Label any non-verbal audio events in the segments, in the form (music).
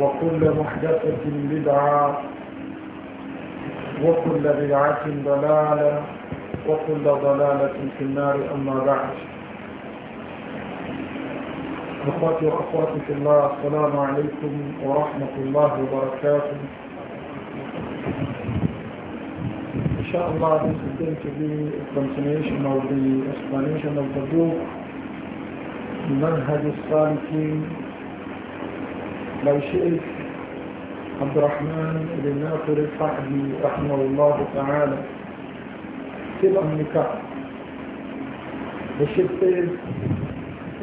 وكل محدثة بدعة وكل بدعة ضلالة وكل ضلالة في النار أما بعد أخواتي وأخواتي في الله السلام عليكم ورحمة الله وبركاته إن شاء الله this is going to be a continuation of the explanation of the book منهج الصالحين لو شئت عبد الرحمن بن ناصر الصحبي رحمه الله تعالى تبقى النكاح بشدة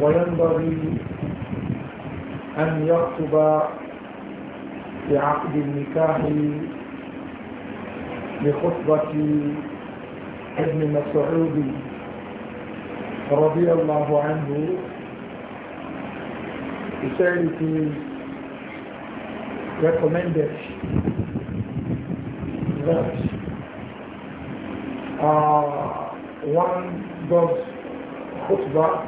وينبغي أن يخطب بعقد النكاح بخطبة ابن مسعود رضي الله عنه بسالك recommended that uh, one does khutbah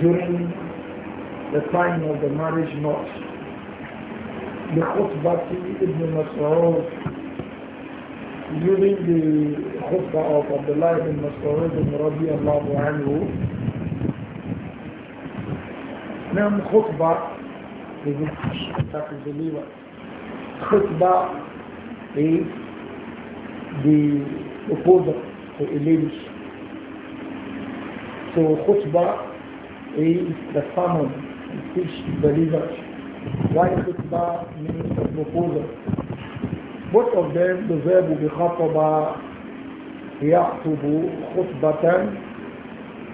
during the time of the marriage not. The khutbah Ibn Mas'ud using the khutbah of Abdullah ibn Mas'ud ibn Rabi Allahu anhu. Now khutbah the wish that is delivered. Khutbah is the proposal So khutbah is the sermon, the speech Why khutbah means the Both of them, the verb be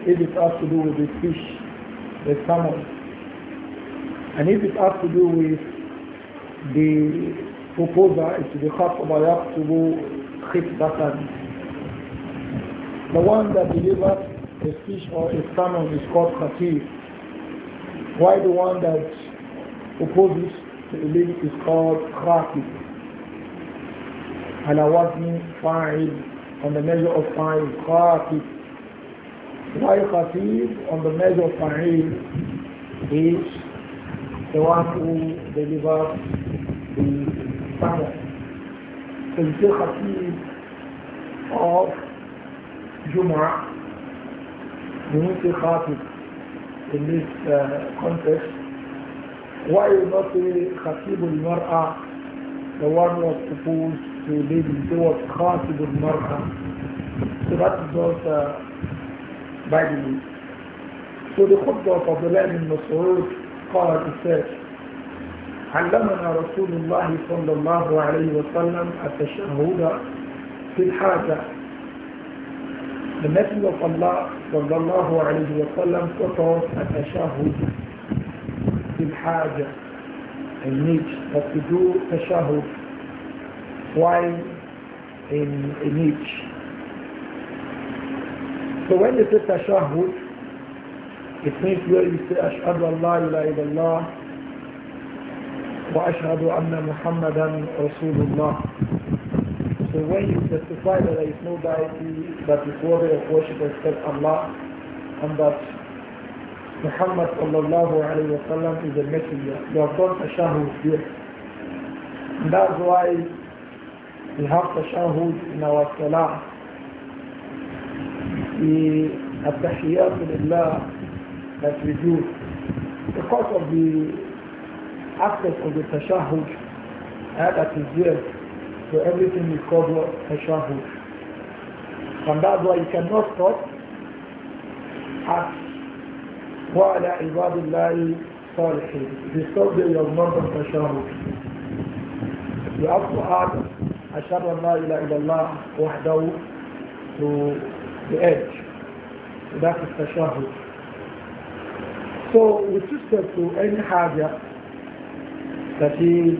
it has to do with the fish. the salmon. And if it has to do with the proposal, it should to go يخطب خطبة. The one that delivers a fish or a salmon is called khatib. Why the one that proposes to a lady is called I was وزن five on the measure of five khatib. Why khatib on the measure of five is the one who delivers the standard. So you say Khatib of Jum'ah, you won't say Khatib in this uh, context. Why you not say Khatib al-Mar'a, the one who was supposed to lead, you say what Khatib al-Mar'a. So that is not uh, by the way. So the khutbah of Abdullah ibn Mas'ud قال السيد علمنا رسول الله صلى الله عليه وسلم التشهد في الحاجة The Messenger of Allah صلى الله عليه وسلم taught us التشهد في الحاجة in need that we do tashahud while in, in each. So when you say tashahud, The place where you say, أشهد الله لا إله إلا الله وأشهد أن محمدا رسول الله. So when you testify that there is no deity that the worthy of worship is except Allah and that Muhammad sallallahu alayhi wa sallam is a messenger, you have done tashahud here. And that's why we have tashahud in our salah. التحيات لله that we do because of the access of the tashahud uh, that is there. So everything is called tashahud. And that's why you cannot stop at وعلى عباد الله صالحين If you stop there, you not tashahud. You have to add أشهد أن لا إله إلا الله وحده to the edge. So that is tashahud. So with respect to any haja that is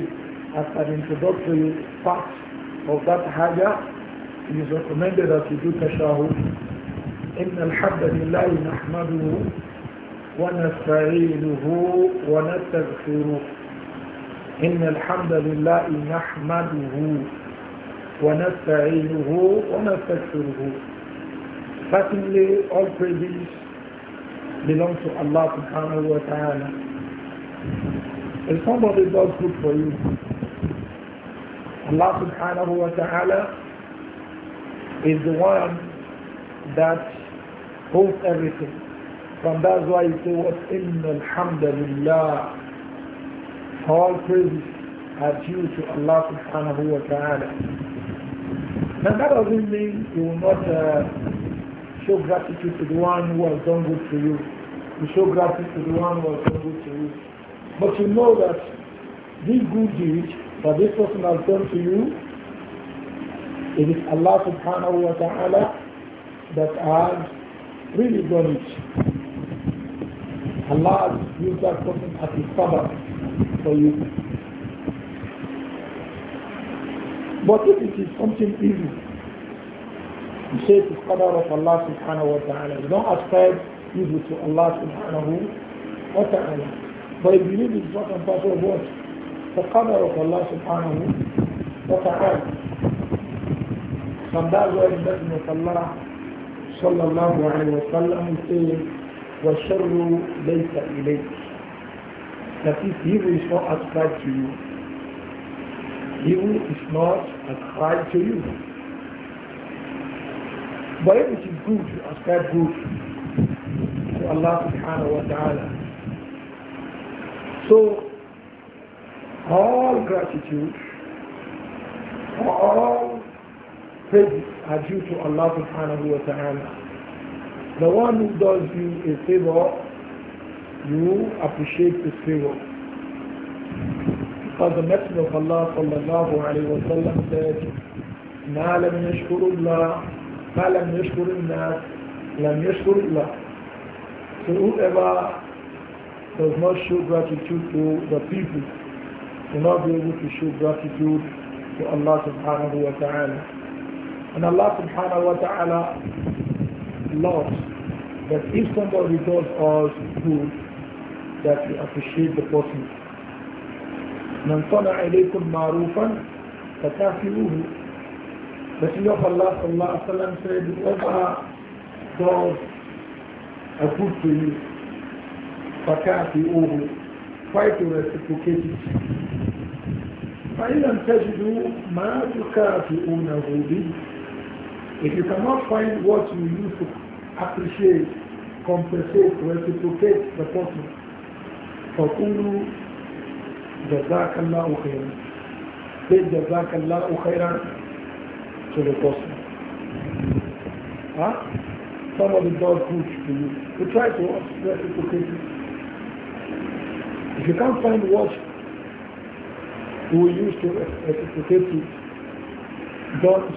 as an introductory part of that haja, it is recommended that you do tashahud. إن الحمد لله نحمده ونستعينه ونستغفره إن الحمد لله نحمده ونستعينه ونستغفره Certainly all praises belong to Allah subhanahu wa ta'ala. If somebody does good for you, Allah subhanahu wa ta'ala is the one that holds everything. From that's why you say what in alhamdulillah all praise are due to Allah subhanahu wa ta'ala. Now that doesn't mean you will not uh, show gratitude to the one who has done good to you. You show gratitude to the one who has done good to you. But you know that this good deed that this person has done to you, it is Allah subhanahu wa ta'ala that has really done it. Allah has used that person as a sabbath for you. But if it is something easy, you say it is qadar of Allah subhanahu wa ta'ala. You don't ascribe evil to Allah subhanahu wa ta'ala. But I it's part and of what? The qadr of Allah subhanahu wa ta'ala. From that word, the Messenger of Allah sallallahu alayhi wa sallam says, وَالشَّرُّ لَيْسَ إِلَيْكَ That is, evil is not ascribed to you. Evil is not ascribed to you. But everything it is good, ascribe good. Allah subhanahu wa ta'ala. So, all gratitude, all praise are due to Allah subhanahu wa ta'ala. The one who does you a favor, you appreciate the favor. Because the Messenger of Allah sallallahu alayhi wa sallam said, ما لم يشكر الله فلم يشكر الناس لم يشكر الله so whoever does not show gratitude to the people will not be able to show gratitude to Allah subhanahu wa ta'ala. And Allah subhanahu wa ta'ala loves that if somebody does us good, that we appreciate the person. من صنع إليكم معروفا فكافئوه Messenger of Allah sallallahu Wa wasallam said, whoever does a good to you. Pakati أوه try to reciprocate it. فإن لم تجدوا ما تكافئونه به If you cannot find what you use to appreciate, compensate, reciprocate the person, فقولوا جزاك the خيرا. Say جزاك الله خيرا to the person. Huh? somebody does good to you, you try to reciprocate If you can't find what you will use to reciprocate it, don't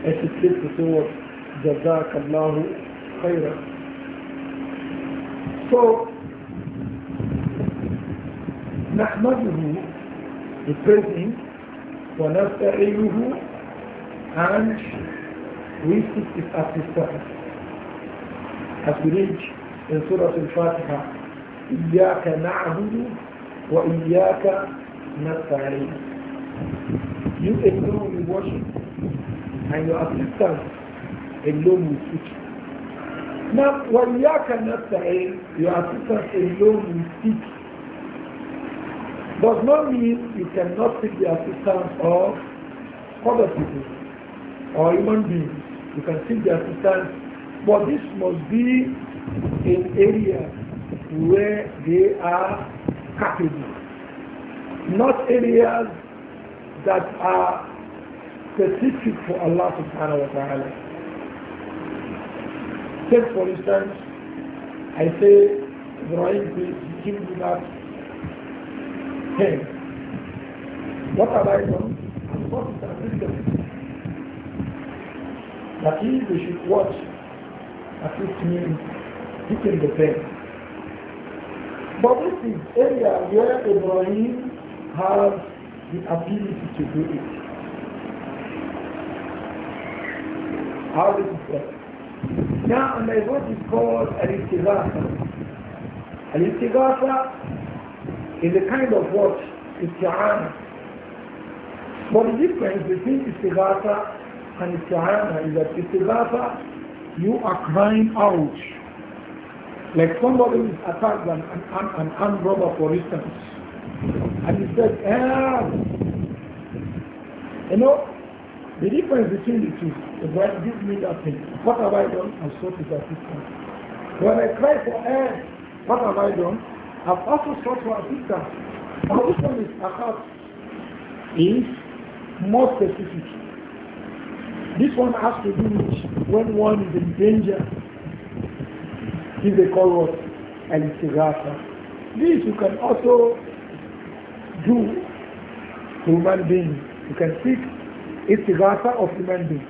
hesitate to say what Jazakallahu khairan. So, نحمده the praising ونستعينه and we seek his assistance as we read in Surah Al-Fatiha إياك نعبد وإياك نستعين You alone we worship and your assistance alone we seek. Now, وإياك نستعين your assistance alone we seek does not mean you cannot seek the assistance of other people or human beings. You can seek the assistance but this must be an area where they are capable, not areas that are specific for Allah subhanahu wa ta'ala. Take for instance, I say, Ibrahim, please give me that Hey, What have I done? I'm supposed to That is, we should watch assist me in hitting the pen. But this is area where Ibrahim has the ability to do it. How does it work? Now, and there's what is called al-istighatha. Al-istighatha is a kind of what? Isti'ana. But the difference between istighatha and isti'ana is that istighatha you are crying out. Like somebody is attacked by an, an, an armed robber, for instance, and he said, eh. you know, the difference between the two, the bride gives me that thing. What have I done? I sought his assistance. When I cry for air, what have I done? I've also sought for assistance. Now this one is Akat is more specific. This one has to do when one is in danger. Give the call what? and istighatha This you can also do to human beings. You can seek Istighatha of human beings.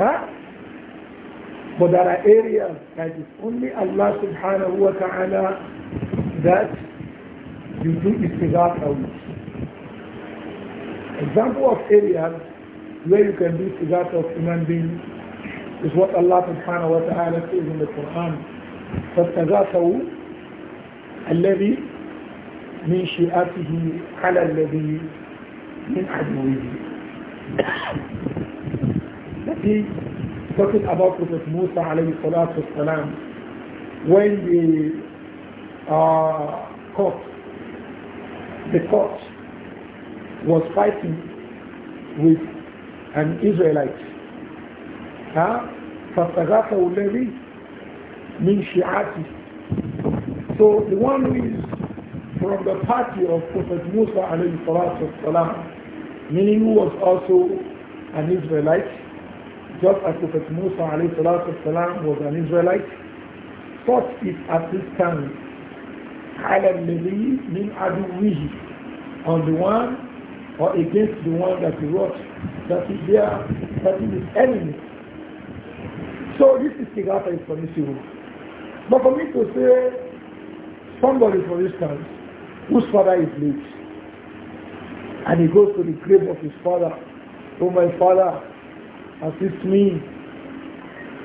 Huh? But there are areas it's only Allah subhanahu wa ta'ala that you do Istighatha with. Example of areas way you can do to that of human beings is what Allah subhanahu wa ta'ala says in the Quran. فَاتَّذَاتَهُ الَّذِي مِنْ شِئَاتِهِ عَلَى الَّذِي مِنْ عَدْوِهِ That is talking about Prophet Musa alayhi salatu wasalam when the uh, court, the court was fighting with an Israelite. Huh? فَاسْتَغَاثَهُ الَّذِي مِنْ shiati. So the one who is from the party of Prophet Musa alayhi salatu salam, meaning who was also an Israelite, just as Prophet Musa alayhi salatu salam was an Israelite, at this time على meaning من عدوه on the one or against the one that he wrote that is their, that is his enemy. So this is Tigata is permissible. But for me to say, somebody for instance, whose father is late, and he goes to the grave of his father, oh my father, assist me.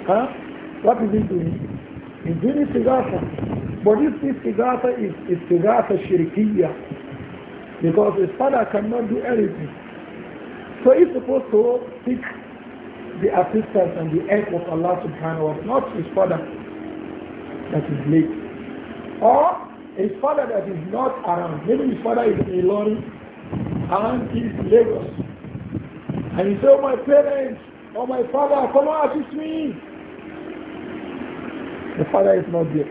Huh? What is he doing? He's doing istighatha. But this istighatha is istighatha Shirikiya. Because his father cannot do anything. So he's supposed to seek the assistance and the help of Allah subhanahu wa ta'ala, not his father that is late. Or his father that is not around. Maybe his father is in lorry, and he's in Lagos. And he said, oh, my parents, oh my father, come and assist me. The father is not there.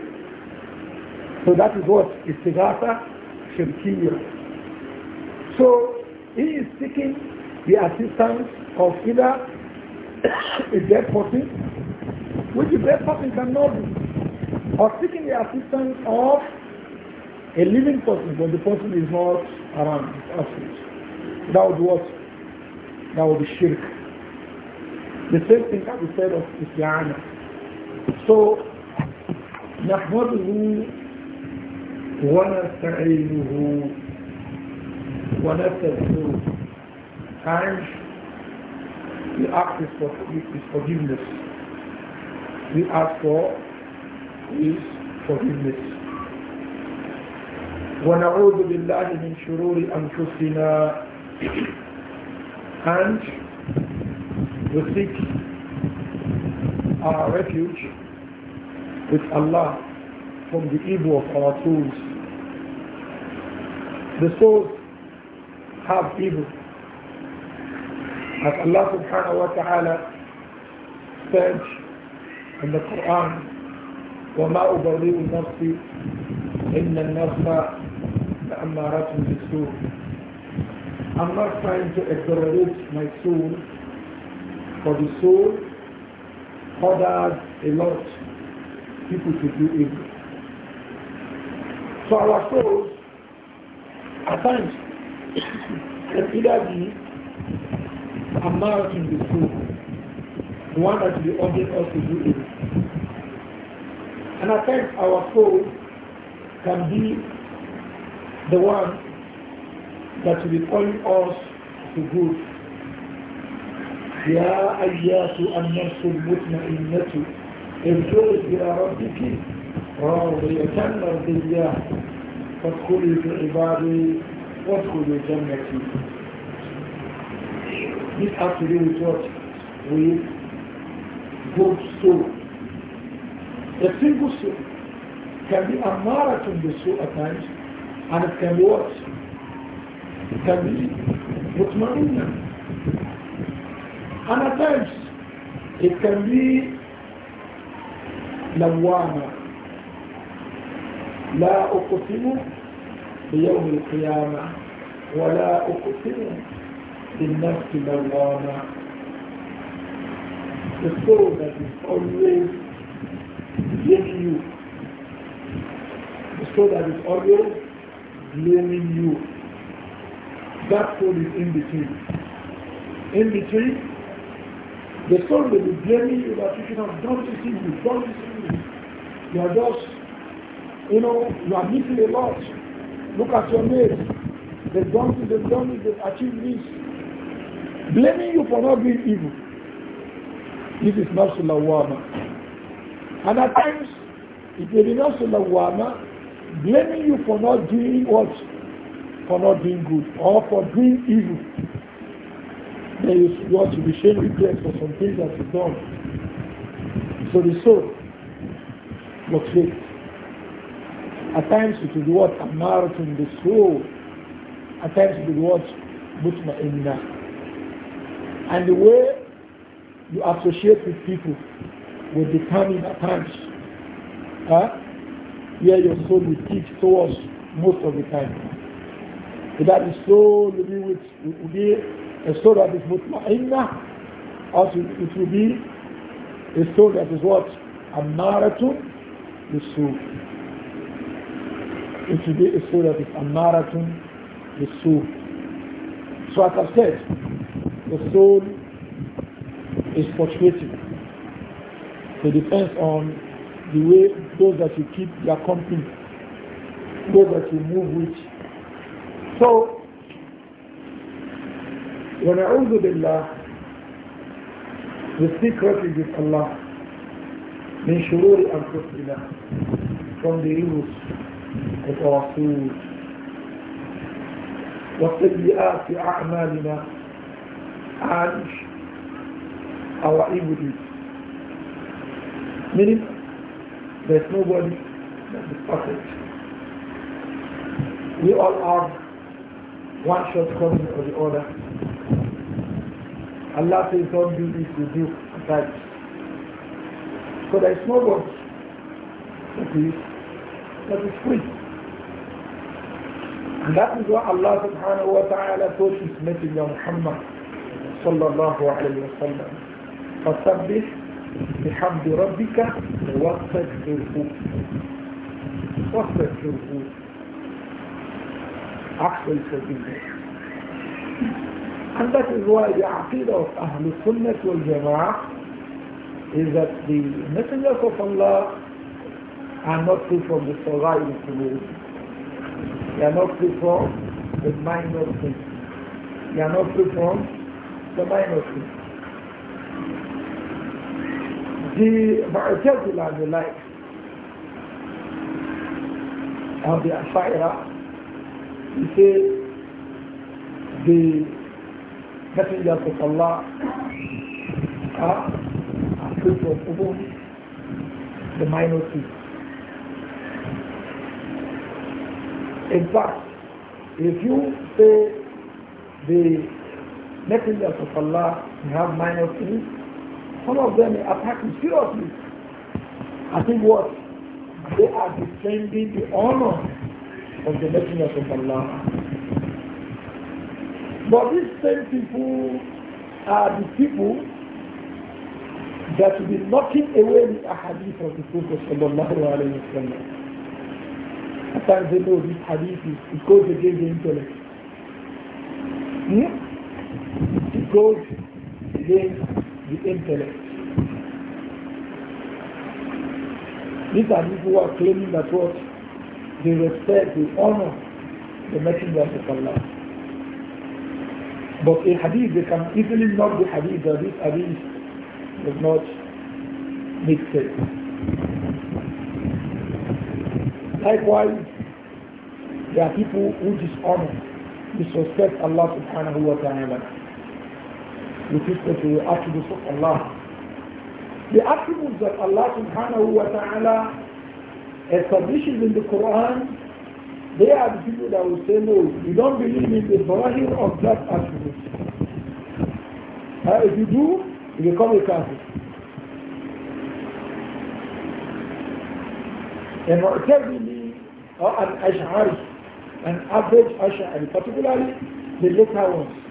So that is what is Tigata Shirkiya. So he is seeking the assistance of either a dead person, which a dead person cannot do, or seeking the assistance of a living person when the person is not around. That would what? That would be shirk. The same thing can be said of Isyana. So, نحمده ونستعينه ونستغفره times, we ask His, for, his forgiveness. We ask for His forgiveness. ونعوذ بالله من شرور أنفسنا and we seek our refuge with Allah from the evil of our souls. The souls have evil as Allah subhanahu wa ta'ala said in the Quran, وما أبرئ نفسي إن النفس لأمارة بالسوء I'm not trying to exaggerate my soul for the soul orders a lot people to do evil. So our souls at times can either be Amara to be true. The one that we be urging us to do it. And I think our soul can be the one that will be calling us to good. يا أيات النفس المطمئنة ارجعي إلى ربك راضية مرضية فادخلي في عبادي وادخلي جنتي This has to do with what? With good soul. The single soul can be amara to the soul at times, and it can be what? It can be mutmainna. And at times, it can be لوامة لا أقسم بيوم القيامة ولا أقسم natural لوامة The soul that is always giving you. The soul that is always blaming you. That soul is in between. In between, the soul will be blaming you that you should have done this thing, you done this thing. You are just, you know, you are missing a lot. Look at your mates. They've done this, they've done they've achieved this blaming you for not doing evil. This is not Sulawama. And at times, it may be not Sulawama, blaming you for not doing what? For not doing good or for doing evil. Then you want to be shame regret for some things that you've done. So the soul fluctuates. At times it will be what? amar in the soul. At times it will be what? Mutma'inna. And the way you associate with people will determine at times huh, where your soul will teach towards most of the time. So that the soul will be, with, will be a soul that is mutma'inna, or it will be a soul that is what? a Ammaratun, the soul. It will be a soul that is a ammaratun, the soul. So as I said, the soul is fluctuating. it depends on the way those that you keep your company, those that you move with. So, when I Allah, the secret is with Allah. من شرور أنفسنا from the evils of our food وسيئات أعمالنا and our egoists. Meaning, there's nobody that is perfect. We all are one shortcoming or the other. Allah says, don't do this, you do that. So there is nobody that is, that is free. And that is why Allah subhanahu wa ta'ala told his messenger Muhammad صلى الله عليه وسلم فسبح بحمد ربك واستغفره واستغفره أحسن سبيل And that is why the Aqidah of Ahlul Sunnah wal Jama'ah is that the messengers of Allah are not free from the survival community. They are not free from the minor things. They are not free from the minuses. The Mu'tazila they like, and the Ashaira, he said, the Messenger of Allah are uh, people of Ubun, the minuses. In fact, if you say the messengers of Allah may have minor sins. Some of them attack him seriously. I think what? They are defending the honor of the messengers of Allah. But these same people are the people that will be knocking away the ahadith of the Prophet sallallahu Allah. wa sallam. they know this hadith is, it goes against the intellect. Hmm? goes against the intellect. These are people who are claiming that what they respect, they honor the messenger of Allah. But a hadith, they can easily not the hadith, that this hadith does not make sense. Likewise, there are people who dishonor, disrespect Allah subhanahu wa ta'ala the attributes of Allah. The attributes that Allah subhanahu wa ta'ala establishes in the Quran, they are the people that will say, no, you don't believe in the Zahir of that attribute. Uh, if you do, you become a Kafir. And Mu'tazili or an Ash'ari, an average Ash'ari, particularly the later ones,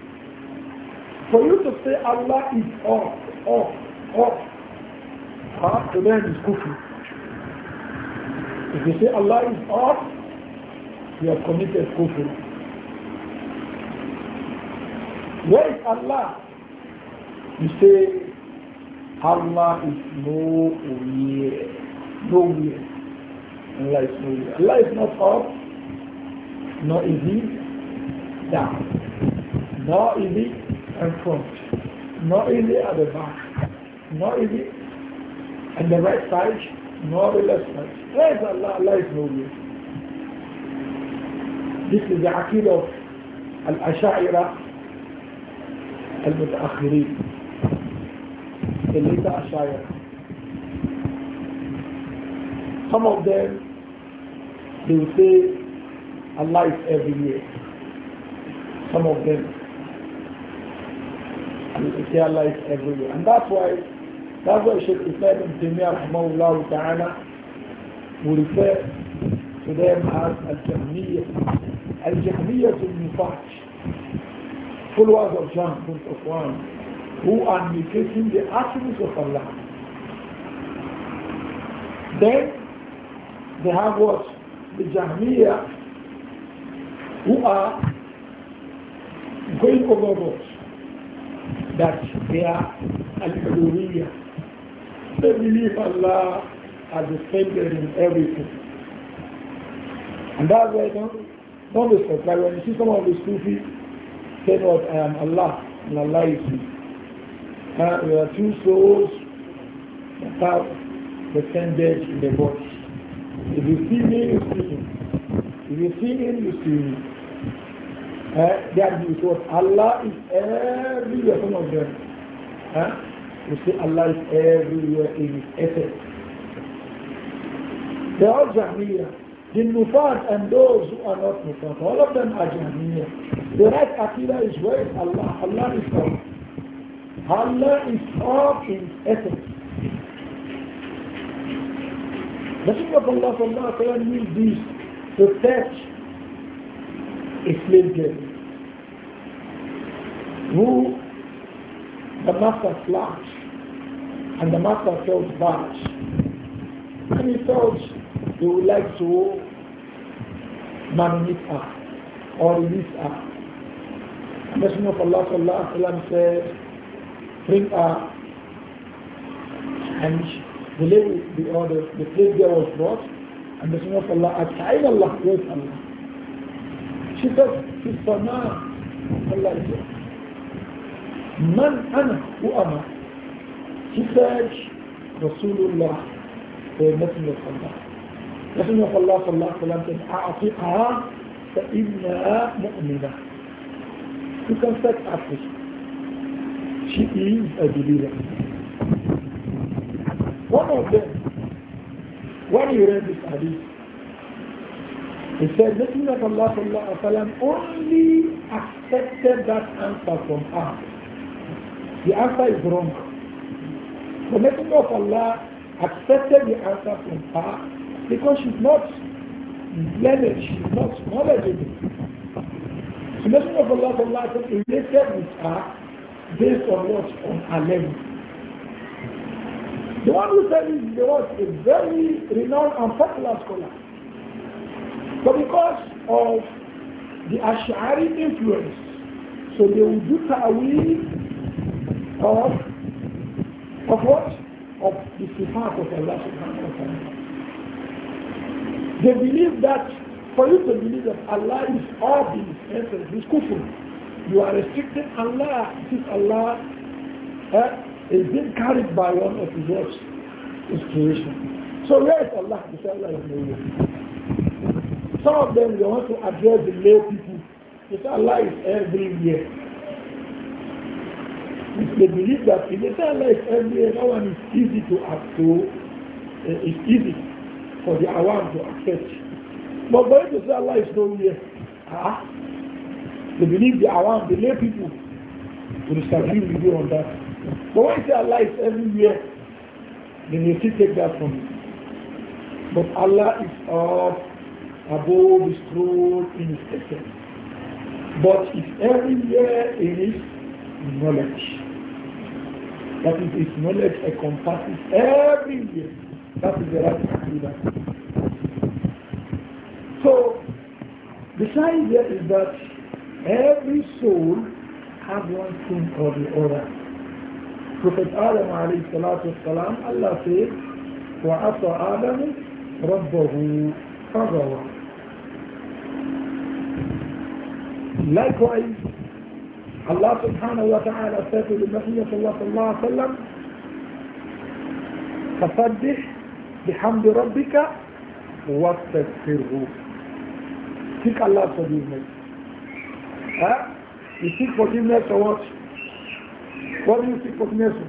for you to say Allah is off, off, off, huh? to them is kufr. If you say Allah is off, you have committed kufr. Where is Allah? You say Allah is nowhere. Nowhere. Allah is nowhere. Allah is not up, nor is he down, nor is he and front. Not in at the back. Not in, and the right side, nor the left side. a Allah, of life moving. This is the Aqid of Al-Asha'ira Al-Muta'akhirin. The later Asha'ira. Some of them, they will say, Allah is year. Some of them, and you see Allah everywhere. And that's why that's why Sheikh Islam ibn Taymiyyah rahmahullah ta'ala will refer to them as Al-Jahmiyyah. Al-Jahmiyyah al-Nifaj, followers of John, of one, who are negating the attributes of Allah. Then they have what? The Jahmiyyah who are going overboard that they are Hallelujah. They believe Allah as the center in everything. And that's why don't, don't be surprised when you see some of the Sufis say what I am um, Allah and Allah is me. Uh, we are two souls that have descended in the body. If you see me, you see him. If you see him, you see me. Uh, their view Allah is everywhere, some of them. You see Allah is everywhere in his essence. They are Jahmiyyah. The Nufat and those who are not Nufat, all of them are Jahmiyyah. The right Aqidah is where is Allah? Allah is all. Allah is all in essence. The Messenger of Allah Allah Allah wa this to touch a slave who the master slapped and the master felt bad. And he thought he would like to manumit her or release her. The Messenger of Allah sallallahu alayhi wa sallam said, bring her and the lady, the, order, the, slave girl was brought and the Messenger of Allah asked, Ayn Allah, where's Allah? She said, Sister, Allah is here. من أنا وأنا كفاج رسول الله ومثل الله لكن يقول الله صلى الله عليه وسلم أعطيها فإنها مؤمنة You can أعطي شيء She is a believer. One of them, when he read this hadith, he said, Messenger of Allah only accepted that answer from her. The answer is wrong. The Messenger of Allah accepted the answer from her because she's not learned, she's not knowledgeable. The Messenger of Allah, Allah related with her based on what? On her level. The one who said it was a very renowned and popular scholar. But because of the Ash'ari influence, so they will do ta'wil of of what? Of the sifat of Allah subhanahu wa ta'ala. They believe that for you to believe that Allah is all these essence, is kufr. You are restricting Allah. This Allah eh, is being carried by one of his words, his creation. So where is Allah? They say Allah is nowhere. Some of them they want to address the lay people. They say Allah is everywhere. They believe that in the time life every that one is easy to absorb, uh, eh, it's easy for the awam to accept. But for you to say Allah is ah, they believe the awam, the lay people will disagree with you on that. But when you say Allah is everywhere, then you still take that from you. But Allah is up above his throne in his essence. But it's everywhere in his knowledge. That is his knowledge encompasses everything. That is the right Aqidah. So, the sign here is that every soul has one thing or the other. Prophet Adam alayhi salatu wasalam, Allah says, وَعَصَى آدَمُ رَبَّهُ فَغَوَى Likewise, الله سبحانه وتعالى سيد النبي صلى الله عليه وسلم فصدح بحمد ربك واستغفره سيك الله سبحانه ها يسيك فتيم نفسه وات وات يسيك فتيم نفسه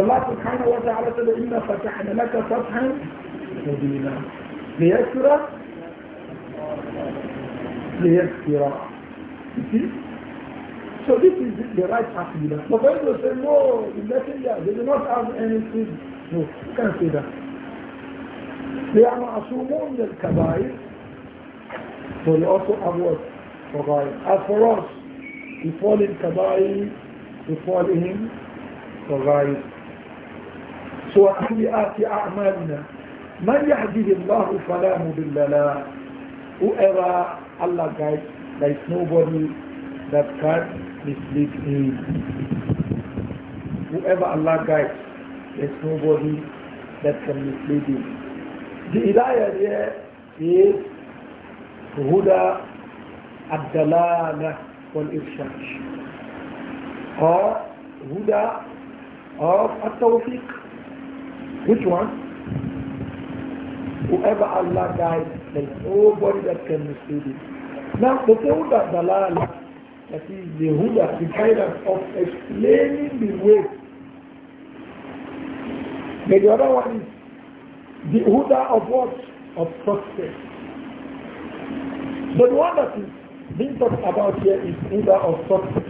الله سبحانه وتعالى سيد فتحنا لك فتحا مبينا ليشرك players here are. So this is the right aqidah. But when you say, no, the messenger, they do not have anything. No, you can't say that. They are ma'asumun al kabair. So they also have what? Kabair. As for us, we fall in kabair, we fall in kabair. So we أحيئات أعمالنا من يهده الله فلا مضل له whoever Allah guides, there is nobody that can mislead him. Whoever Allah guides, there is nobody that can mislead him. The idea here is Huda Ad-Dalala wal Irshad or Huda of At-Tawfiq. Which one? Whoever Allah guides there's nobody that can mislead it. Now, the that Dalala, that is the Huda, the guidance of explaining the way. Then the other one is the Huda of what? Of success. So the one that is being talked about here is Huda of success.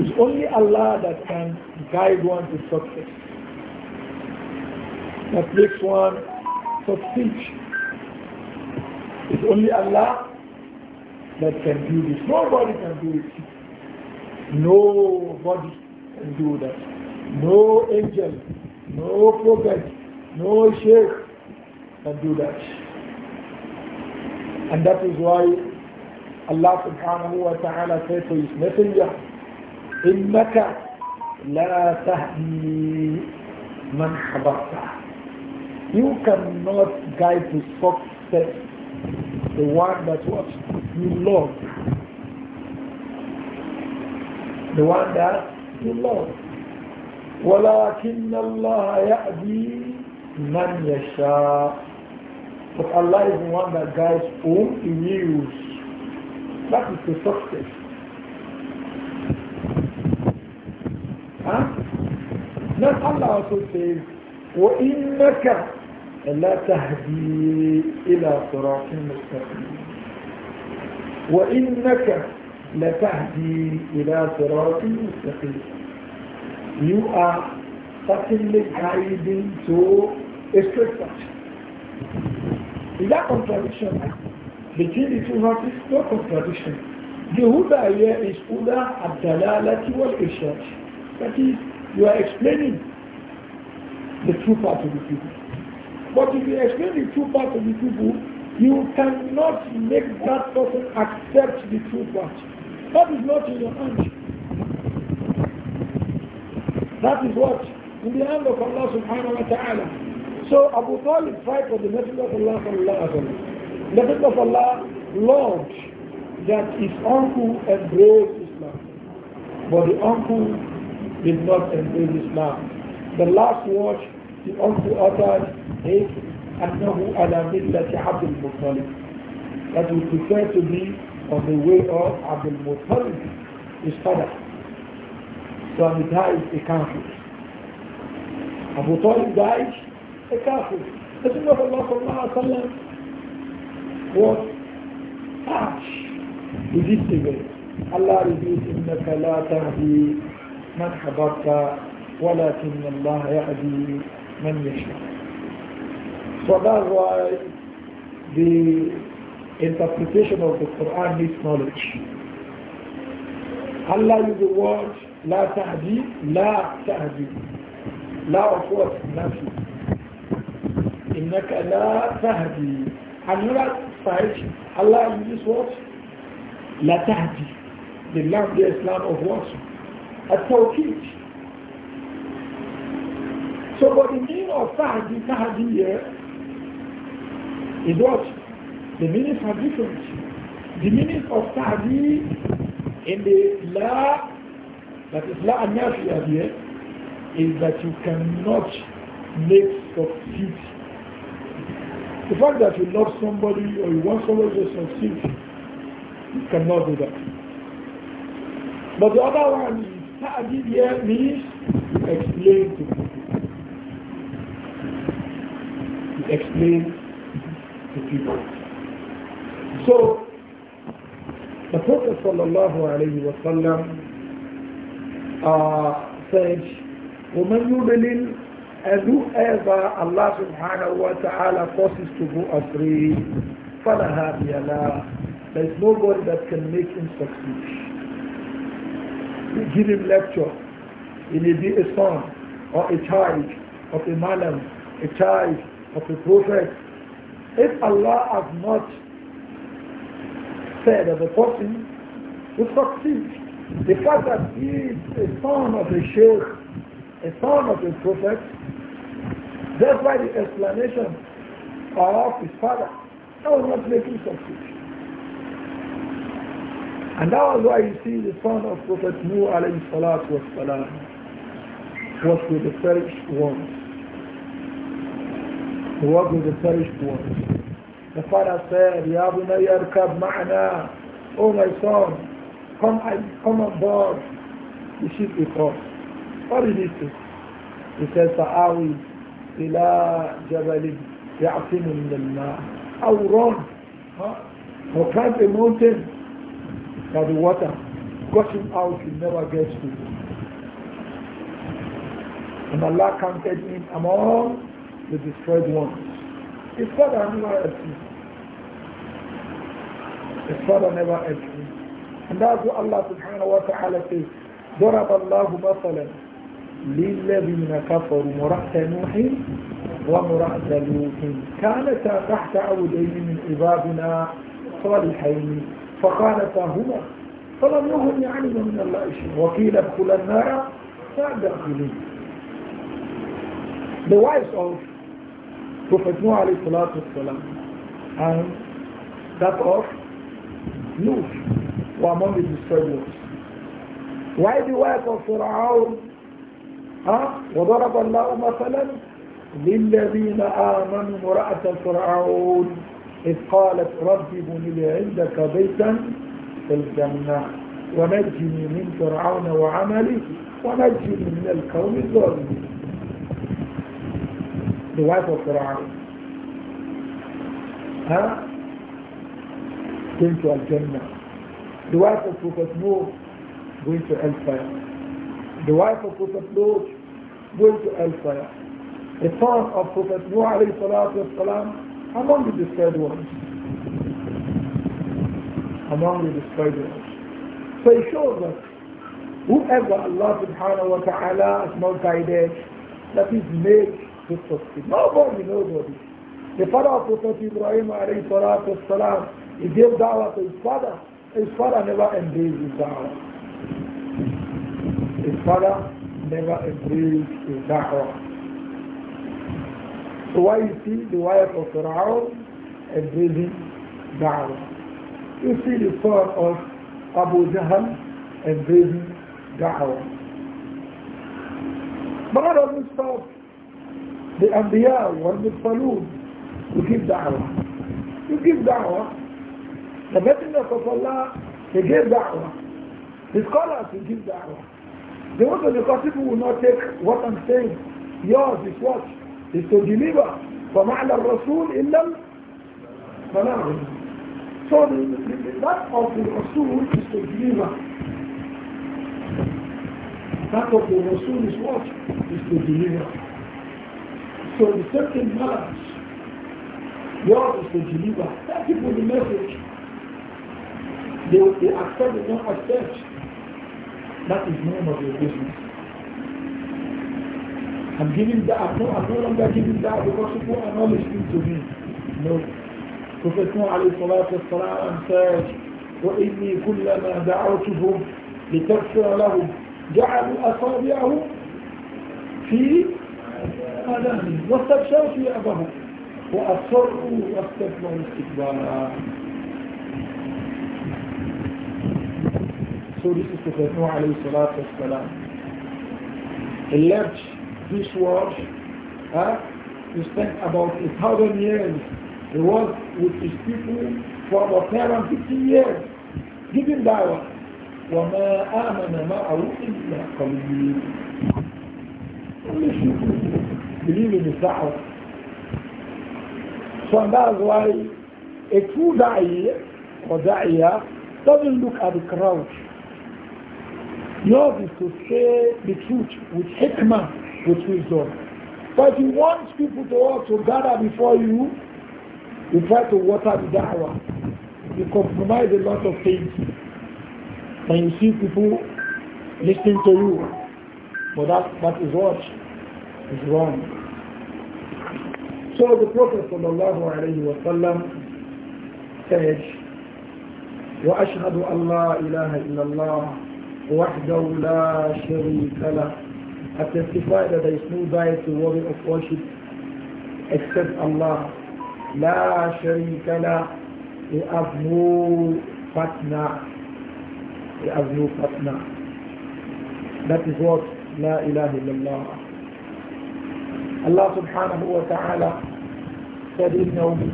It's only Allah that can guide one to success. That makes one for speech. It's only Allah that can do this. Nobody can do it. Nobody can do that. No angel, no prophet, no sheikh can do that. And that is why Allah subhanahu wa ta'ala said to his messenger, إِنَّكَ لَا تَهْدِي مَنْ حَبَرْتَهُ you cannot guide to success the one that what you love. The one that you love. ولكن الله يأبي من يشاء But Allah is the one that guides whom He wills. That is the success. Huh? Then Allah also says, وَإِنَّكَ لا تهدي إلى صراط مستقيم وإنك لتهدي إلى صراط مستقيم You are certainly guiding to a straight path. Is that contradiction? Between the two verses, no contradiction. The Huda here is Huda Abdalalati wal Ishaj. That is, you are explaining the true part of the people. But if you explain the true part to the people, you cannot make that person accept the true part. That is not in your hand. That is what? In the hand of Allah subhanahu wa ta'ala. So Abu Talib tried for the Messenger of Allah sallallahu alayhi wa The Messenger of Allah loved that his uncle embraced Islam. But the uncle did not embrace Islam. The last watch The also uttered is أنه على ملة عبد المطلب that we prefer to be on the way of عبد المطلب is father so he died a kafir Abu Talib died a kafir the Sunnah of Allah صلى الله عليه وسلم was harsh resistible Allah reveals إنك لا تهدي من حببت ولكن الله يهدي من يشاء. So that's why the interpretation of the Quran needs knowledge. Allah is the word لا تهدي لا تهدي لا أقوى نفسي إنك لا تهدي Another side, Allah uses what? لا تهدي the lamb, the Islam of what? a Tawqid. So what the meaning of Sahdi, Sahdi here is what? The meanings are different. The meaning of Sahdi in the La, that is La Anafia here, is that you cannot make succeed. The fact that you love somebody or you want somebody to succeed, you cannot do that. But the other one is Sahdi here means explain to explain to people. So, the Prophet sallallahu alayhi wa sallam uh, said, وَمَنْ and whoever Allah subhanahu wa ta'ala causes to go astray, فَلَهَا بِيَلَا There is nobody that can make him succeed. You give him lecture. He may be a son or a child or a madam, a child of the Prophet. If Allah has not said of a person to succeed, the fact that he is a son of a sheikh, a son of a prophet, that's why the explanation of his father, that will not make him succeed. And that was why you see the son of Prophet Nuh alayhi salatu was salam was with the first ones. توجه للفرج بوضع لفرع سير يا ابو ني اركب معنا او ماي صار قم قم بار يشيب اخر فرجيته يسال فاوي الى جبل يعصم من الماء او رعد ها وكانت الموتن قد وطى قسم اوت نيفر جيتس تو And Allah counted him among the destroyed ones. His father never helped him. His father never helped him. And that's what Allah subhanahu wa ta'ala says. ضرب الله مثلا للذين كفروا مرأة نوح ومرأة لوط كانتا تحت عودين من عبادنا صالحين فخانتاهما فلم يغن عنهما من الله شيء وقيل ادخلا النار فادخلوا The wives of Prophet Muhammad and that of Nuh were among the disciples. Why the wife of Fir'aun Huh? وضرب الله مثلا للذين آمنوا امرأة فرعون إذ قالت ربي بني لي عندك بيتا في الجنة ونجني من فرعون وعمله ونجني من القوم الظالمين the wife of Pharaoh, huh? going to Al-Jannah. The wife of Prophet Noah going to Al-Fire. The wife of Prophet Lot going to Al-Fire. The son of Prophet Noah alayhi salatu wasalam among the destroyed ones. Among the destroyed ones. So it shows us: whoever Allah subhanahu wa ta'ala has not guided, that is made this was nobody, nobody. The father of Prophet Ibrahim alayhi salatu salam, he gave dawah to his father. His father never embraced his dawah. His father never embraced his dawah. So why you see the wife of Pharaoh embracing dawah? You see the son of Abu Jahl embracing dawah. But that doesn't stop the Anbiya were the Falun. You give da'wah. You give da'wah. The messengers of Allah, they gave da'wah. The scholars will give da'wah. The want of the people will not take what I'm saying. Yours is what? Is to deliver. فَمَعْلَى الرَّسُولِ إِلَّا الْفَلَاهُ so the, the, that of the Rasul is the believer. That of the Rasul is what? Is to deliver. So the second God is the deliver? That people the message. They, they accept, they don't accept. That is none of your business. I'm giving that, I'm no, I'm no longer giving that because people are not listening to me. No. Prophet Muhammad said, وإني كلما دعوتهم لتغفر لهم جعلوا أصابعهم في مداني واستبشروا في أبها وأصروا واستكبروا استكبارا So this is Prophet Noah alayhi this world. Huh? He spent about a thousand years. He was with his people for about fifty years. Giving dawah. وما آمن معه إلا قليل. Only few believe in Islam. So that's why a true da'i or da'iyah doesn't look at the crowd. Yours is to say the truth with hikmah, with wisdom. But you want people to also gather before you, you try to water the da'wah. You compromise a lot of things. And you see people listening to you. But that, that is what is wrong. So the Prophet وسلم, said, وأشهد أن لا إله إلا الله وحده لا شريك له I testify that there is no deity worthy of worship except Allah. لا شريك له We have no partner. We have That is what لا إله إلا الله الله سبحانه وتعالى سبيلهم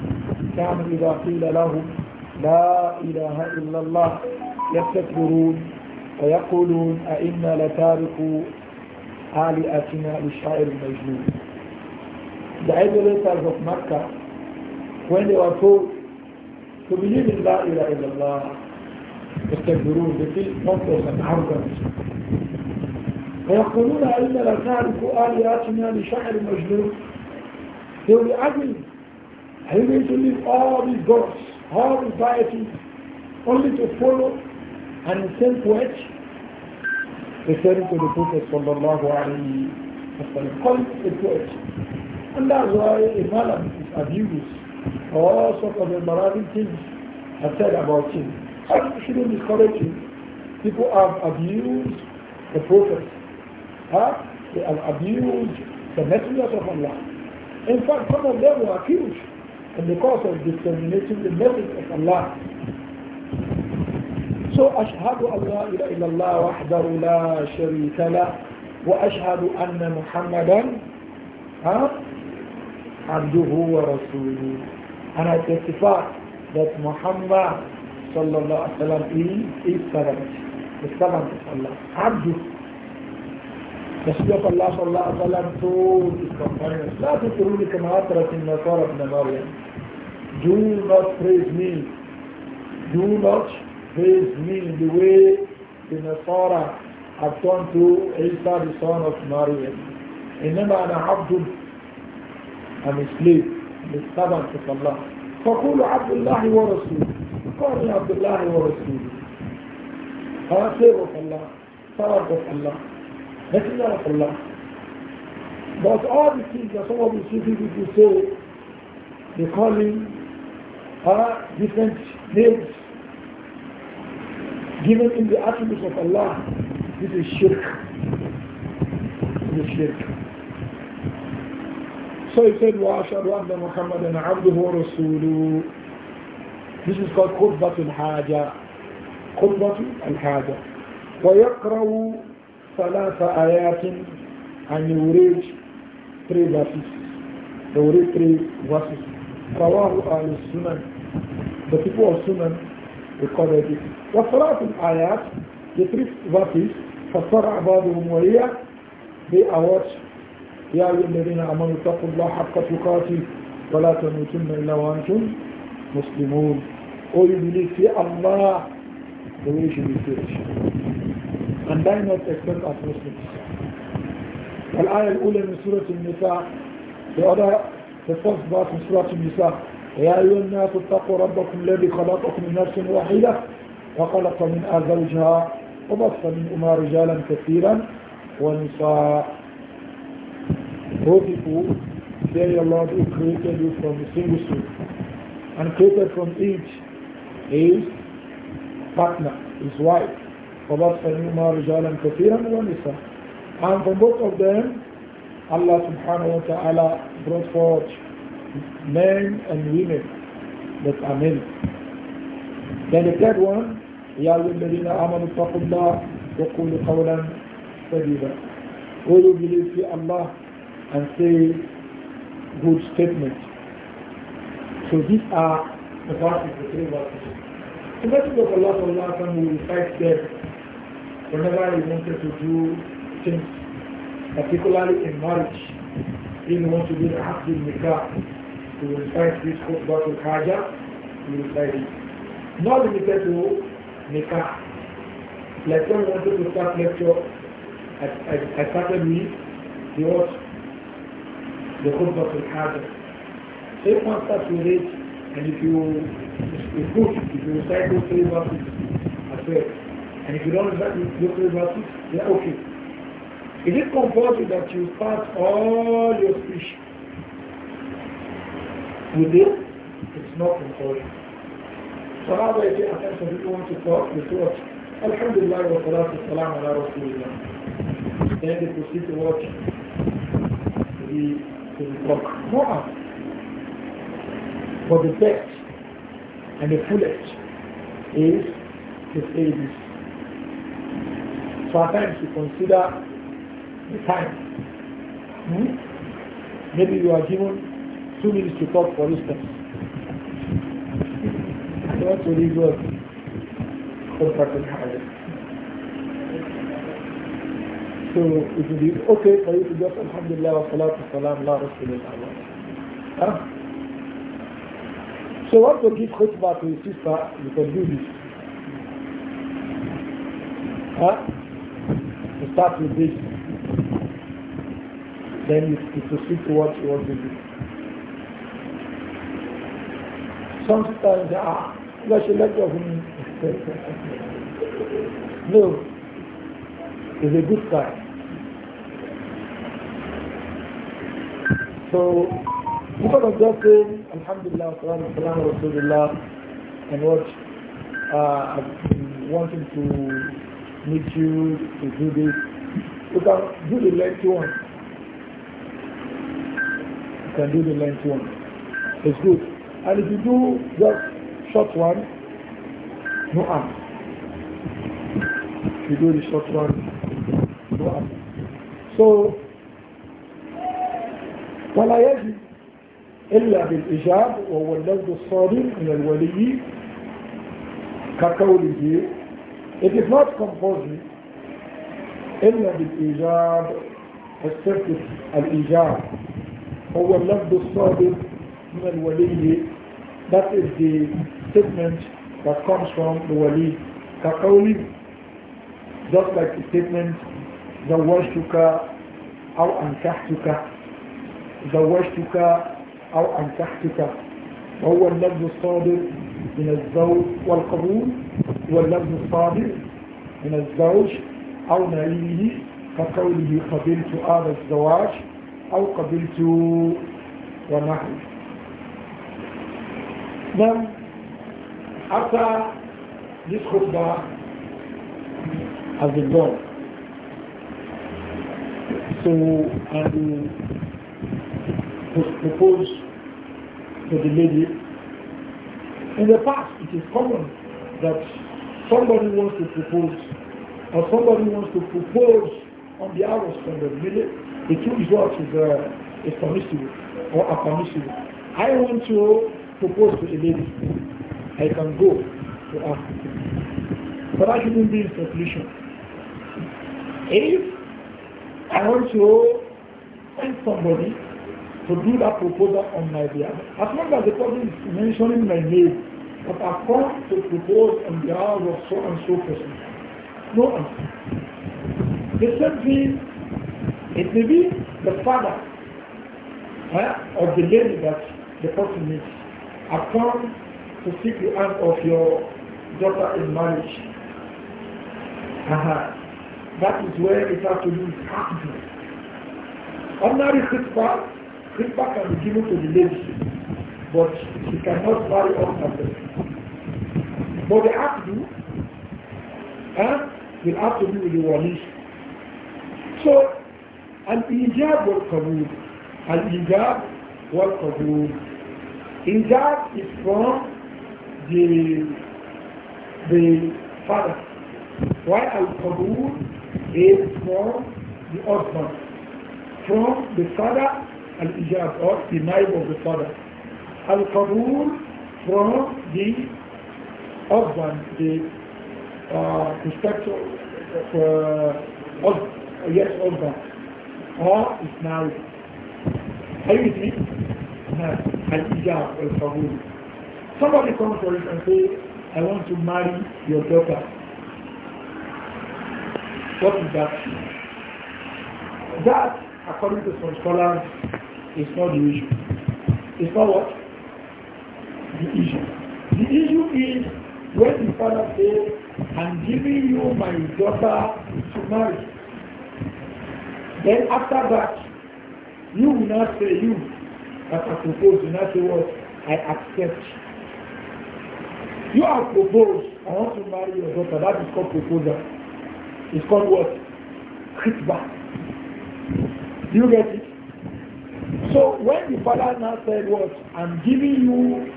كانوا إذا قيل لهم لا إله إلا الله يستكبرون ويقولون أئنا لتاركوا آلئتنا للشاعر المجنون The idolaters of مكة when they were told to believe in يستكبرون, they feel pompous فيقولون إن لا نعرف آلهتنا لشاعر مجنون They will be arguing. Are to leave all these gods, all these deities, only to follow an insane poet? Referring to the Prophet sallallahu alayhi wa sallam, calling a poet. And that's why a man is abused. All sorts of immorality things are said about him. So you shouldn't discourage him. People have abused the Prophet huh? They have abused the messengers of Allah. In fact, some of them were accused in the course of discriminating the message of Allah. So, أشهد أن لا إله إلا الله وحده لا شريك له وأشهد أن محمدا عبده ورسوله and I testify that Muhammad صلى الله عليه وسلم is his servant the servant of Allah عبده تسبيق الله صلى الله عليه وسلم طول لا لي كما أثرت النصارى ابن مريم do not praise me do not praise me in the way the Nasara have done to Isa the son of Maryam إنما أنا عبد I'm a slave I'm a servant of Allah فقولوا عبد الله ورسوله قالوا عبد الله ورسوله فأسيرك الله فرقك الله Messenger of الله. But all the things that some of the Sufi say, they calling, him uh, different names, given in the attributes of Allah. This is shirk. This is shirk. So he said, وَأَشْهَدُ أَنَّ مُحَمَّدًا عَبْدُهُ وَرَسُولُهُ This is called خطبة الحاجة خطبة الحاجة ويقرأ ثلاث آيات أن يريد three verses they will read رواه آل السنن the people of Sunan وثلاث آيات the three verses فصرع بعضهم وهي they are what يا أيها الذين آمنوا اتقوا الله حق تقاته ولا تموتن إلا وأنتم مسلمون أو يبليك في الله the way you should and die not except as Muslims. والآية الأولى من سورة النساء the other the first verse من سورة النساء يا أيها الناس اتقوا ربكم الذي خلقكم من نفس واحدة وخلق منها زوجها وبث منهما رجالا كثيرا ونساء Both people say Allah who created you from a single soul and created from each his partner, his wife. وبث منهما رجالا كثيرا ونساء and from both of them Allah subhanahu wa ta'ala brought forth men and women that are men then the third one يا أيها الذين آمنوا اتقوا الله وقولوا قولا سديدا All who believe in Allah and say good statements. So these are the verses, the three verses. The message of Allah, Allah, and we recite them whenever he wanted to do things, particularly in marriage, he want to do the Abdul Nikah, to will recite this khutbah to Khaja, he will it. Not limited to Nikah. Like when we wanted to start lecture, I, I, I started with the what? The khutbah to Khaja. So if one starts with it, and if you, if you put, if you recite those three verses, I swear, and if you don't recite the local verses, they're okay. Is it compulsory that you start all your speech with it? It's not compulsory. So how do I pay attention if you want to talk? You thought, Alhamdulillah wa salatu salam ala Rasulullah. Then they proceed to watch the, to the talk. No But the text and the fullest is the stages. Sometimes you consider the time. Hmm? Maybe you are given two minutes to talk for instance. You want to leave work for certain So it will be okay for you to just Alhamdulillah wa salatu salam la rasulillah. So what to give khutbah to your sister, you can do this. Huh? start with this. Then you, proceed to what you want to do. Sometimes, ah, you should let go of me. (laughs) no. It's a good sign. So, people of just saying, Alhamdulillah, Salaam, Salaam, Rasulullah, and what uh, I'm wanting to need you to do this. You can do the lengthy one. You can do the lengthy one. It's good. And if you do just short one, no harm. If you do the short one, no harm. So, ولا يجب إلا بالإجاب وهو اللفظ al من الولي كقوله It is not compulsory. إلا بالإيجاب except الإيجاب هو اللفظ الصادق من الولي that is the statement that comes from the wali كقولي just like the statement زوجتك أو أنكحتك زوجتك أو أنكحتك وهو اللفظ الصادق من الزوج والقبول واللفظ الصادر من الزوج أو نعيه كقوله قبلت هذا الزواج أو قبلت ونحو نعم حتى يدخل بقى as a God. So, and propose to the lady. In the past, it is common that somebody wants to propose, or somebody wants to propose on behalf of somebody, the two results is, uh, is permissible or a permissible. I want to propose to a lady. I can go to ask, But I shouldn't be in seclusion. If I want to send somebody to do that proposal on my behalf, as long as the person is mentioning my name, but are forced to propose on behalf of so and so person. No answer. This same it may be the father eh, of the lady that the person is. I come to seek the hand of your daughter in marriage. Uh-huh. That is where it has to be happening. happiness. Ordinary khitbah, khitbah can be given to the lady but he cannot marry off herself. But the abdu huh? will have to be eh? with the walish. So, al-ijab wal-qabul. Al-ijab wal-qabul. Ijab is from the, the father, Why al-qabul is from the husband. From the father, al-ijab, or the name of the father. Al-Qabul from the husband, the uh, prospective uh, husband, yes, husband, or is married. Are you with me? Al-Ijab, Al-Qabul. Somebody comes for it and says, I want to marry your daughter. What is that? That, according to some scholars, is not the issue. It's not what? the issue. The issue is when the father says, I'm giving you my daughter to marry. Then after that, you will not say you that I propose, you not say what I accept. You have proposed, I want to marry your daughter. That is called proposal. It's called what? Khitbah. you get it? So when the father now said what, I'm giving you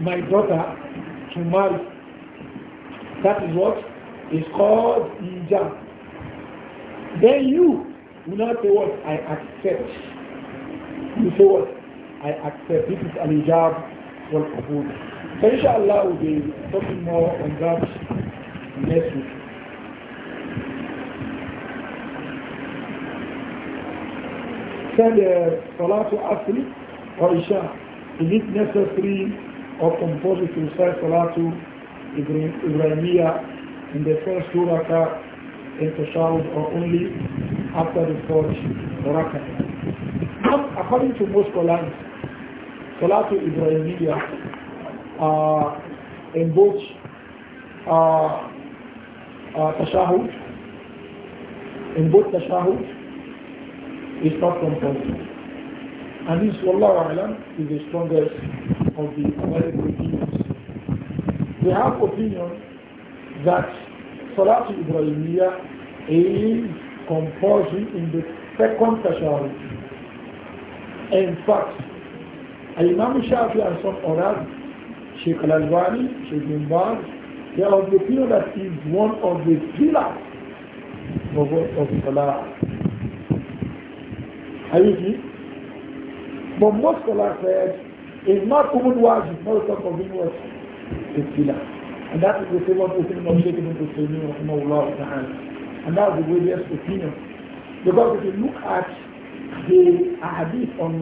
my daughter to marry. That is what is called hijab. Then you will not say what I accept. You say what I accept. This is an hijab for kabul. So inshallah we'll be talking more on that next week. Send a uh, salah to Asri or Isha. Is it necessary or to recite Salatu Ibrahimiyya in the first two rakah in Tashahud or only after the fourth rakah. Now, according to most scholars, Salatu Ibrahimiyya uh, in both uh, uh, in both Tashahud, is not composed, And this, Wallahu A'lam, is the strongest of the American opinions. They have opinion that Salat Ibrahimiyya is compulsory in the second tashahud. In fact, Imam Shafi and some others, Sheikh Al-Albani, Sheikh they are of the opinion that is one of the pillars of, of Salah. Are you But most scholars said it's not It's not no talk of human what? It's Filah. And that is the same what Uthman of Shaykh ibn Husaymin Allah ta'ala. And that's the weightiest opinion. Because if you look at the hadith on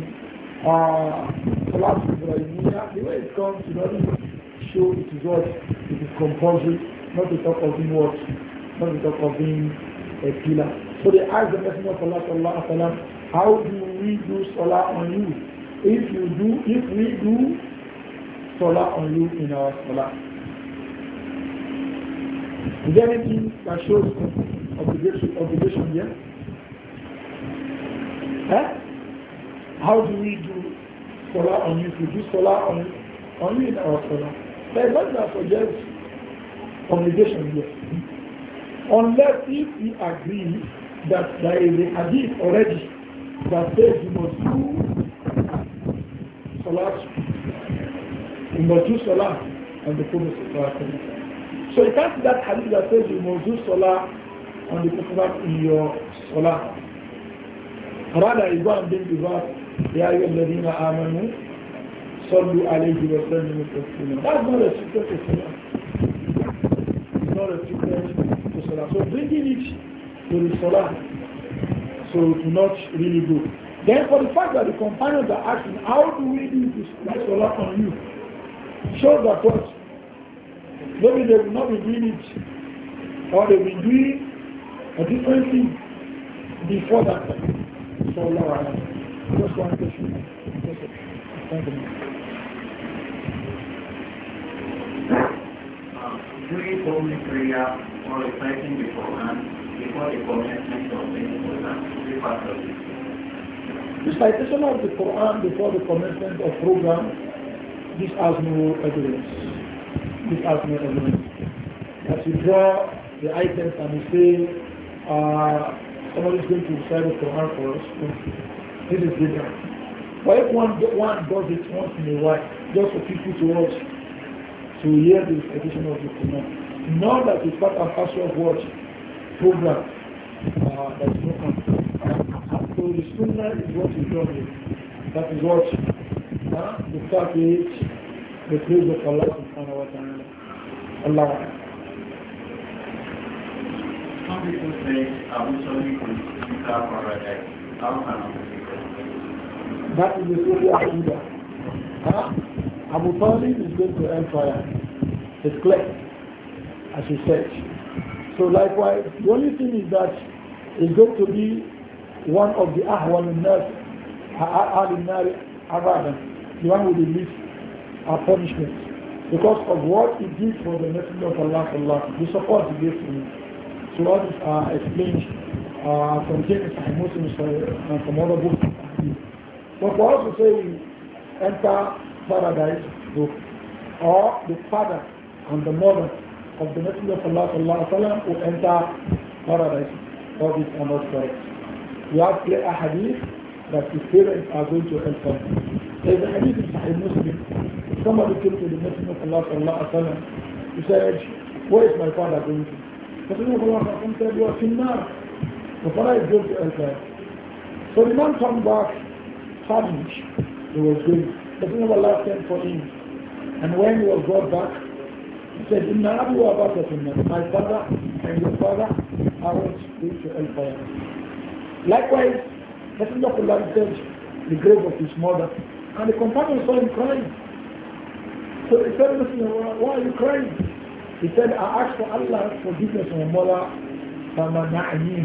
uh, Salat uh, Ibrahimiyya, the way it comes, you know, show it is what? It is compulsory, not to talk of being what? Not to talk of being a pillar. So they ask the Messenger of Allah, Allah, how do we do Salah on you? if you do, if we do solar on you in our solar. Is there anything that shows obligation, obligation here? Huh? Eh? How do we do solar on you? we do solar on, on you in our solar. There is nothing that suggests obligation here. Unless if we agree that there is a hadith already that says you must do salatu, you must do salah, and the Prophet So it can't be that hadith that says you must do salah and the Prophet in your salah. Rather, you go and bring the verse, يَا أَيُّهَا الَّذِينَ آمَنُوا صَلُّوا عَلَيْهِ وَسَلِّمُوا تَسْلِيمًا That's not a secret to salah. It's not a secret to salah. So bringing it to the salah, so it not really good. Then for the fact that the companions are asking, how do we do this like Salah on you? Show that what? Maybe they will not be doing it, or they will be doing a different thing before that time. So Allah, just one question. That's it. Thank you. Three um, holy prayer or reciting the Quran before the commencement of the Quran, three parts of this. Recitation of the Quran before the commencement of program, this has no evidence. This has no evidence. As you draw the items and you say, uh, somebody is going to recite the Quran for us, this is different. But if one, one does it once in a while, just for people to watch, to hear the recitation of the Quran, not that it's part and parcel of what program uh, that is not so the sunnah is what is lovely. That is what huh? the is. the praise of Allah subhanahu wa ta'ala. Allah. Some people say, I wish only could speak out paradise. How can I That is the Sufi Aqidah. Huh? Abu Talib is going to empire. It's clear, as you said. So likewise, the only thing is that it's going to be one of the ahwalun nas, ahlun nar the one who will least are punishment. Because of what he did for the Messenger of Allah, Allah the support he gave to him. So all these are explained uh, from James and Muslims and from other books. But for us to say we enter paradise, book, or the father and the mother of the Messenger of Allah, Allah will enter paradise, all his are not correct. You have clear hadith that his parents are going to help him. There's a hadith in Sahih Muslim. Somebody came to the Messenger of Allah sallallahu alaihi said, where is my father going to? The Messenger of Allah sallallahu said, you are sinnar. The father is going to help So the man came back, saddened. He was good, The Messenger of Allah sent for him. And when he was brought back, he said, you are Abu Abasa Sinnar. My father and your father are going to help Likewise, Messenger of Allah touched the grave of his mother, and the companion saw him crying. So he said, Messenger why are you crying? He said, I asked for Allah forgiveness for my mother, Famana'ani.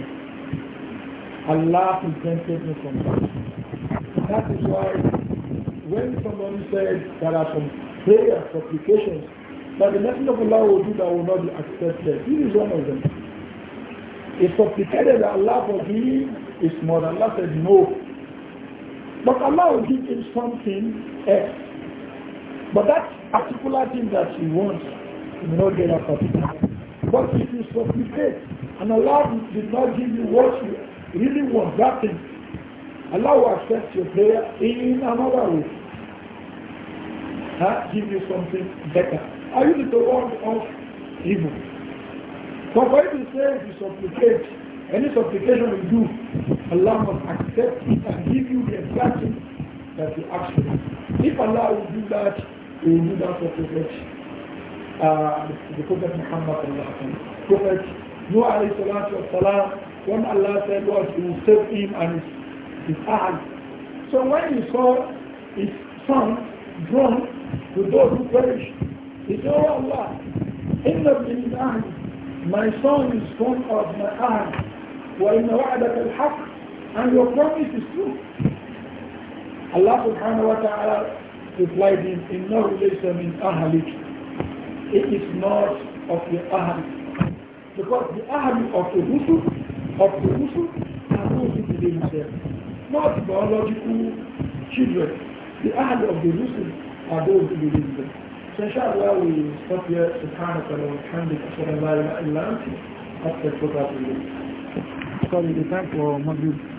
Allah prevented me from that. That is why when somebody said there are some prayers supplications that the message of Allah will do that will not be accepted, he is one of them. He supplicated that Allah forgive his mother. Allah said, no. But Allah will give him something else. But that particular thing that he wants, he will not get that particular But if you supplicate and Allah did not give you what you really want, that thing, Allah will accept your prayer in another way. Huh? Give you something better. Are you the one of evil? But do you say you supplicate, any supplication we do, Allah must accept it and give you the exact that you ask for. If Allah will do that, He will do that for prophet, uh, the Prophet Muhammad Prophet Noah alayhi salatu when Allah said was He will save him and his, his eyes. So when he saw his son drawn to those who perish, he said, Oh Allah, in the my son is out of my eyes. وإن وعدك الحق and your promise is true. Allah subhanahu wa ta'ala replied him, إِنَّهُ لَيْسَ مِنْ أَهَلِكَ It is not of the Ahli. Because the Ahli of the Rusul, of the Rusul, are those who believe in them, Not biological children. The Ahli of the Rusul are those who believe themselves. So inshallah we stop here. سبحانك اللهم وبحمدك أشهد أن لا إله إلا أنت أستغفرك وأتوب sorry, the time for